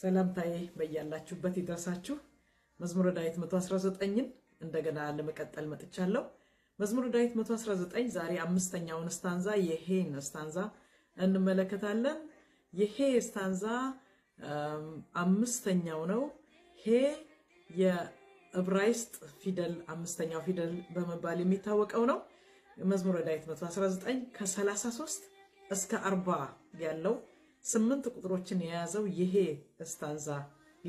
ሰላምታዬ በያላችሁበት ይደርሳችሁ። መዝሙረ ዳዊት 119ን እንደገና ለመቀጠል መጥቻለሁ። መዝሙረ ዳዊት 119 ዛሬ አምስተኛውን ስታንዛ የሄን ስታንዛ እንመለከታለን። የሄ ስታንዛ አምስተኛው ነው። ሄ የዕብራይስጥ ፊደል አምስተኛው ፊደል በመባል የሚታወቀው ነው። መዝሙረ ዳዊት 119 ከ33 እስከ 40 ያለው ስምንት ቁጥሮችን የያዘው ይሄ እስታንዛ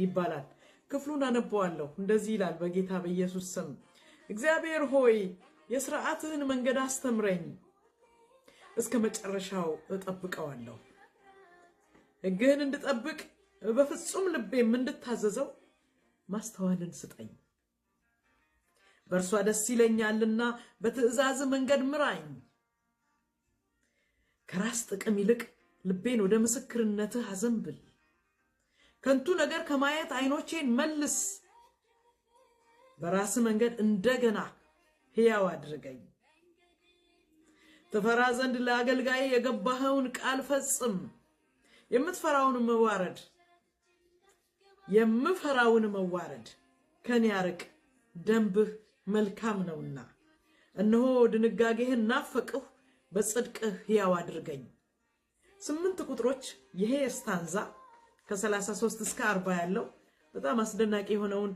ይባላል። ክፍሉን አነበዋለሁ። እንደዚህ ይላል። በጌታ በኢየሱስ ስም እግዚአብሔር ሆይ የስርዓትህን መንገድ አስተምረኝ፣ እስከ መጨረሻው እጠብቀዋለሁ። ሕግህን እንድጠብቅ በፍጹም ልቤም እንድታዘዘው ማስተዋልን ስጠኝ። በእርሷ ደስ ይለኛልና በትእዛዝ መንገድ ምራኝ። ከራስ ጥቅም ይልቅ ልቤን ወደ ምስክርነትህ አዘንብል። ከንቱ ነገር ከማየት አይኖቼን መልስ። በራስ መንገድ እንደገና ሕያው አድርገኝ። ትፈራ ዘንድ ለአገልጋይ የገባኸውን ቃል ፈጽም። የምትፈራውን መዋረድ የምፈራውን መዋረድ ከኔ አርቅ፣ ደንብህ መልካም ነውና። እነሆ ድንጋጌህን ናፈቅሁ፣ በጽድቅህ ሕያው አድርገኝ። ስምንት ቁጥሮች ይሄ ስታንዛ ከ33 እስከ 40 ያለው በጣም አስደናቂ የሆነውን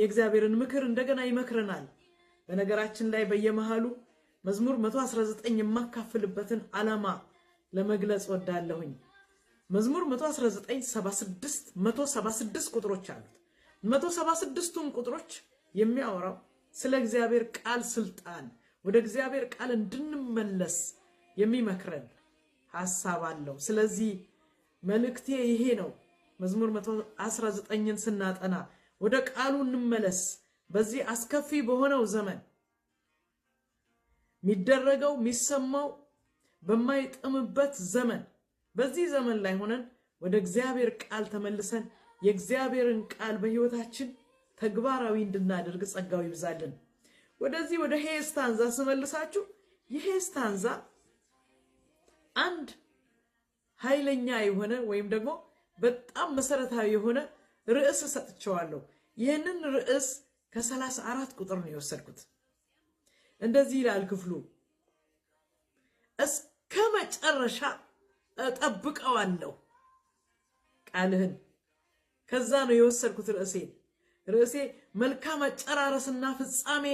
የእግዚአብሔርን ምክር እንደገና ይመክረናል። በነገራችን ላይ በየመሃሉ መዝሙር 119 የማካፍልበትን ዓላማ ለመግለጽ ወዳለሁኝ። መዝሙር 119 76 176 ቁጥሮች አሉት። 176ቱን ቁጥሮች የሚያወራው ስለ እግዚአብሔር ቃል ስልጣን፣ ወደ እግዚአብሔር ቃል እንድንመለስ የሚመክረን ሀሳብ አለው። ስለዚህ መልእክቴ ይሄ ነው። መዝሙር 119ን ስናጠና ወደ ቃሉ እንመለስ። በዚህ አስከፊ በሆነው ዘመን የሚደረገው የሚሰማው በማይጥምበት ዘመን በዚህ ዘመን ላይ ሆነን ወደ እግዚአብሔር ቃል ተመልሰን የእግዚአብሔርን ቃል በሕይወታችን ተግባራዊ እንድናደርግ ጸጋው ይብዛልን። ወደዚህ ወደ ሄስታንዛ ስመልሳችሁ የሄስታንዛ አንድ ኃይለኛ የሆነ ወይም ደግሞ በጣም መሰረታዊ የሆነ ርዕስ ሰጥቸዋለሁ። ይህንን ርዕስ ከሰላሳ አራት ቁጥር ነው የወሰድኩት። እንደዚህ ይላል ክፍሉ እስከ መጨረሻ እጠብቀዋለሁ ቃልህን። ከዛ ነው የወሰድኩት ርዕሴ ርዕሴ መልካም አጨራረስና ፍጻሜ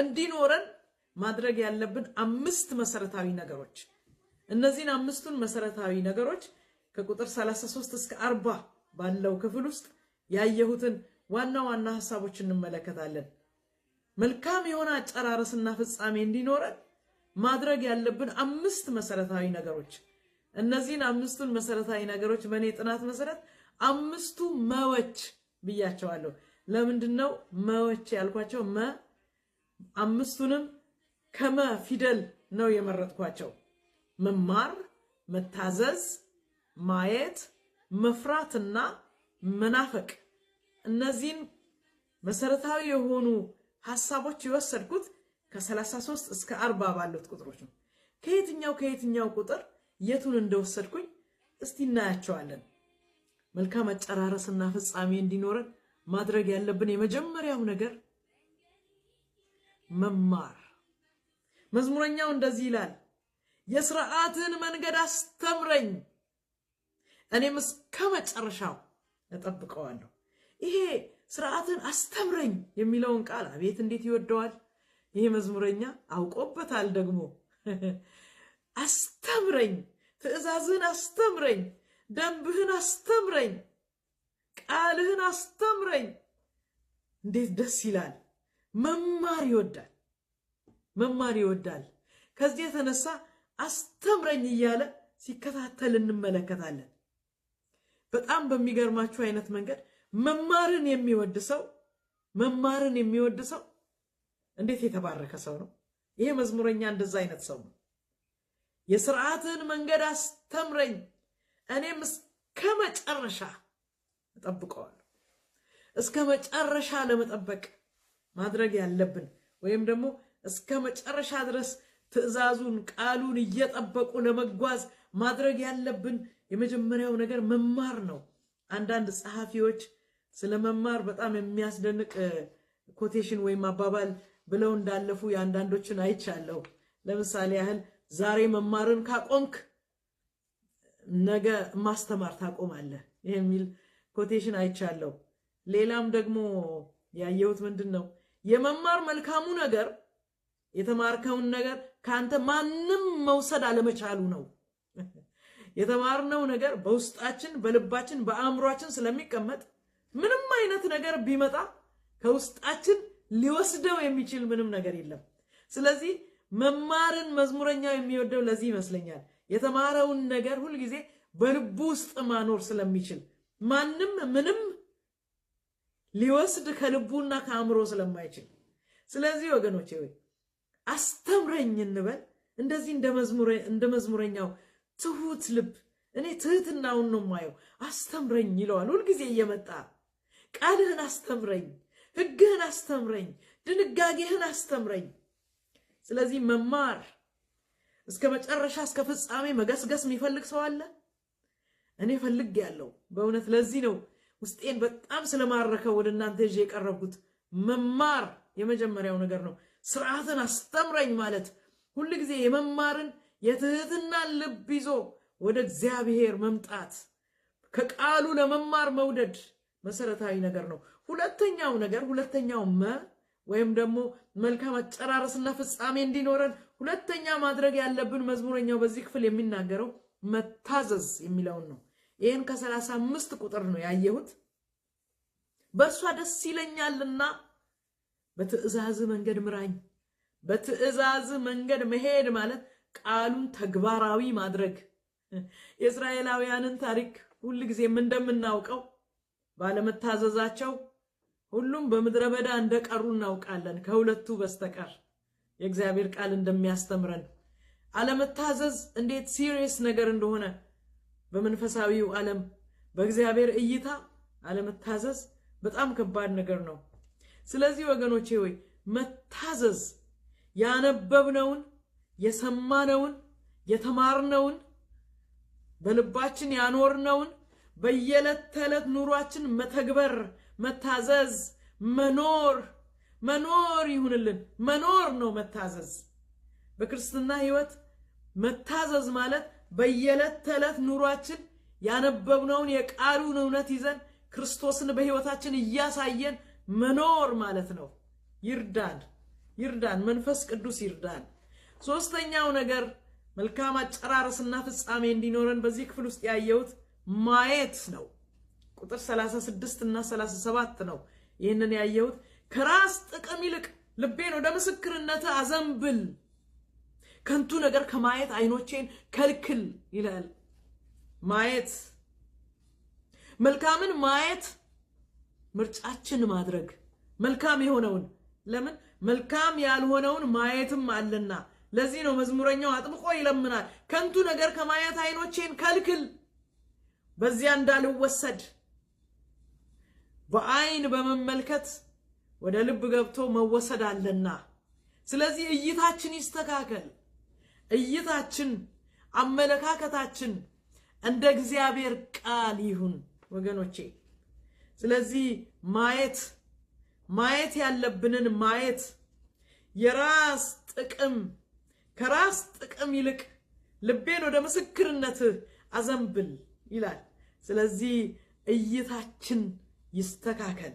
እንዲኖረን ማድረግ ያለብን አምስት መሰረታዊ ነገሮች እነዚህን አምስቱን መሰረታዊ ነገሮች ከቁጥር 33 እስከ 40 ባለው ክፍል ውስጥ ያየሁትን ዋና ዋና ሀሳቦች እንመለከታለን። መልካም የሆነ አጨራረስና ፍጻሜ እንዲኖረን ማድረግ ያለብን አምስት መሰረታዊ ነገሮች። እነዚህን አምስቱን መሰረታዊ ነገሮች በእኔ ጥናት መሰረት አምስቱ መዎች ብያቸዋለሁ። ለምንድን ነው መዎች ያልኳቸው? መ አምስቱንም ከመ ፊደል ነው የመረጥኳቸው። መማር፣ መታዘዝ፣ ማየት፣ መፍራትና መናፈቅ እነዚህን መሰረታዊ የሆኑ ሀሳቦች የወሰድኩት ከ33 እስከ 40 ባሉት ቁጥሮች ነው። ከየትኛው ከየትኛው ቁጥር የቱን እንደወሰድኩኝ እስቲ እናያቸዋለን። መልካም አጨራረስና ፍጻሜ እንዲኖረን ማድረግ ያለብን የመጀመሪያው ነገር መማር። መዝሙረኛው እንደዚህ ይላል የስርዓትን መንገድ አስተምረኝ፣ እኔም እስከ መጨረሻው እጠብቀዋለሁ። ይሄ ስርዓትን አስተምረኝ የሚለውን ቃል አቤት እንዴት ይወደዋል! ይሄ መዝሙረኛ አውቆበታል። ደግሞ አስተምረኝ፣ ትእዛዝህን አስተምረኝ፣ ደንብህን አስተምረኝ፣ ቃልህን አስተምረኝ። እንዴት ደስ ይላል! መማር ይወዳል፣ መማር ይወዳል። ከዚህ የተነሳ አስተምረኝ እያለ ሲከታተል እንመለከታለን። በጣም በሚገርማችሁ አይነት መንገድ መማርን የሚወድ ሰው መማርን የሚወድ ሰው እንዴት የተባረከ ሰው ነው! ይሄ መዝሙረኛ እንደዛ አይነት ሰው ነው። የስርዓትን መንገድ አስተምረኝ፣ እኔም እስከ መጨረሻ እጠብቀዋለሁ። እስከ መጨረሻ ለመጠበቅ ማድረግ ያለብን ወይም ደግሞ እስከ መጨረሻ ድረስ ትዕዛዙን ቃሉን እየጠበቁ ለመጓዝ ማድረግ ያለብን የመጀመሪያው ነገር መማር ነው። አንዳንድ ጸሐፊዎች ስለ መማር በጣም የሚያስደንቅ ኮቴሽን ወይም አባባል ብለው እንዳለፉ የአንዳንዶችን አይቻለሁ። ለምሳሌ ያህል ዛሬ መማርን ካቆምክ ነገ ማስተማር ታቆማለህ የሚል ኮቴሽን አይቻለሁ። ሌላም ደግሞ ያየሁት ምንድን ነው የመማር መልካሙ ነገር የተማርከውን ነገር ከአንተ ማንም መውሰድ አለመቻሉ ነው። የተማርነው ነገር በውስጣችን በልባችን በአእምሯችን ስለሚቀመጥ ምንም አይነት ነገር ቢመጣ ከውስጣችን ሊወስደው የሚችል ምንም ነገር የለም። ስለዚህ መማርን መዝሙረኛው የሚወደው ለዚህ ይመስለኛል። የተማረውን ነገር ሁልጊዜ በልቡ ውስጥ ማኖር ስለሚችል ማንም ምንም ሊወስድ ከልቡና ከአእምሮ ስለማይችል። ስለዚህ ወገኖቼ አስተምረኝ እንበል። እንደዚህ እንደ መዝሙረኛው ትሁት ልብ እኔ ትህትናውን ነው ማየው። አስተምረኝ ይለዋል ሁልጊዜ እየመጣ ቃልህን አስተምረኝ፣ ህግህን አስተምረኝ፣ ድንጋጌህን አስተምረኝ። ስለዚህ መማር እስከ መጨረሻ እስከ ፍጻሜ መገስገስ የሚፈልግ ሰው አለ? እኔ ፈልግ ያለው በእውነት ለዚህ ነው ውስጤን በጣም ስለማረከው ወደ እናንተ ይዤ የቀረብኩት። መማር የመጀመሪያው ነገር ነው። ስርዓትን አስተምረኝ ማለት ሁል ጊዜ የመማርን የትህትናን ልብ ይዞ ወደ እግዚአብሔር መምጣት ከቃሉ ለመማር መውደድ መሰረታዊ ነገር ነው። ሁለተኛው ነገር ሁለተኛው መ ወይም ደግሞ መልካም አጨራረስና ፍጻሜ እንዲኖረን ሁለተኛ ማድረግ ያለብን መዝሙረኛው በዚህ ክፍል የሚናገረው መታዘዝ የሚለውን ነው። ይህን ከሰላሳ አምስት ቁጥር ነው ያየሁት። በእርሷ ደስ ይለኛልና በትዕዛዝ መንገድ ምራኝ። በትዕዛዝ መንገድ መሄድ ማለት ቃሉን ተግባራዊ ማድረግ። የእስራኤላውያንን ታሪክ ሁል ጊዜም እንደምናውቀው ባለመታዘዛቸው ሁሉም በምድረ በዳ እንደቀሩ እናውቃለን። ከሁለቱ በስተቀር የእግዚአብሔር ቃል እንደሚያስተምረን አለመታዘዝ እንዴት ሲሪየስ ነገር እንደሆነ በመንፈሳዊው ዓለም በእግዚአብሔር እይታ አለመታዘዝ በጣም ከባድ ነገር ነው። ስለዚህ ወገኖቼ ወይ መታዘዝ ያነበብነውን የሰማነውን የተማርነውን በልባችን ያኖርነውን በየዕለት ተዕለት ኑሯችን መተግበር፣ መታዘዝ፣ መኖር መኖር ይሁንልን። መኖር ነው መታዘዝ። በክርስትና ህይወት መታዘዝ ማለት በየዕለት ተዕለት ኑሯችን ያነበብነውን የቃሉን እውነት ይዘን ክርስቶስን በህይወታችን እያሳየን መኖር ማለት ነው። ይርዳን ይርዳን፣ መንፈስ ቅዱስ ይርዳን። ሶስተኛው ነገር መልካም አጨራረስና ፍጻሜ እንዲኖረን በዚህ ክፍል ውስጥ ያየሁት ማየት ነው። ቁጥር 36 እና 37 ነው ይህንን ያየሁት። ከራስ ጥቅም ይልቅ ልቤን ወደ ምስክርነት አዘንብል፣ ከንቱ ነገር ከማየት አይኖቼን ከልክል ይላል። ማየት መልካምን ማየት ምርጫችን ማድረግ መልካም የሆነውን ለምን መልካም ያልሆነውን ማየትም አለና። ለዚህ ነው መዝሙረኛው አጥብቆ ይለምናል። ከንቱ ነገር ከማየት አይኖቼን ከልክል፣ በዚያ እንዳልወሰድ። በአይን በመመልከት ወደ ልብ ገብቶ መወሰድ አለና። ስለዚህ እይታችን ይስተካከል። እይታችን፣ አመለካከታችን እንደ እግዚአብሔር ቃል ይሁን ወገኖቼ። ስለዚህ ማየት ማየት ያለብንን ማየት የራስ ጥቅም ከራስ ጥቅም ይልቅ ልቤን ወደ ምስክርነትህ አዘንብል ይላል። ስለዚህ እይታችን ይስተካከል።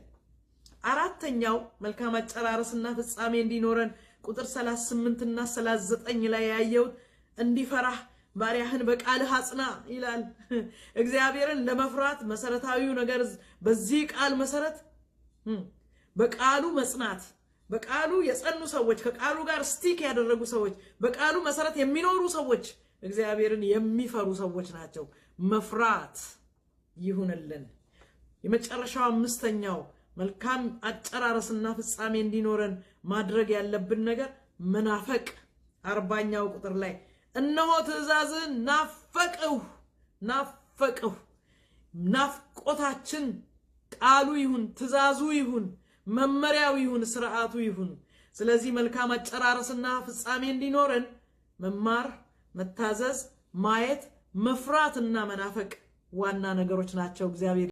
አራተኛው መልካም አጨራረስና ፍጻሜ እንዲኖረን ቁጥር 38 እና 39 ላይ ያየሁት እንዲፈራህ ባሪያህን በቃልህ አጽና ይላል። እግዚአብሔርን ለመፍራት መሰረታዊው ነገር በዚህ ቃል መሰረት በቃሉ መጽናት፣ በቃሉ የጸኑ ሰዎች፣ ከቃሉ ጋር ስቲክ ያደረጉ ሰዎች፣ በቃሉ መሰረት የሚኖሩ ሰዎች፣ እግዚአብሔርን የሚፈሩ ሰዎች ናቸው። መፍራት ይሁንልን። የመጨረሻው አምስተኛው መልካም አጨራረስና ፍጻሜ እንዲኖረን ማድረግ ያለብን ነገር መናፈቅ አርባኛው ቁጥር ላይ እነሆ ትእዛዝን ናፈቅሁ ናፈቅሁ። ናፍቆታችን ቃሉ ይሁን ትእዛዙ ይሁን መመሪያው ይሁን ስርዓቱ ይሁን። ስለዚህ መልካም አጨራረስና ፍጻሜ እንዲኖረን መማር፣ መታዘዝ፣ ማየት፣ መፍራትና መናፈቅ ዋና ነገሮች ናቸው እግዚአብሔር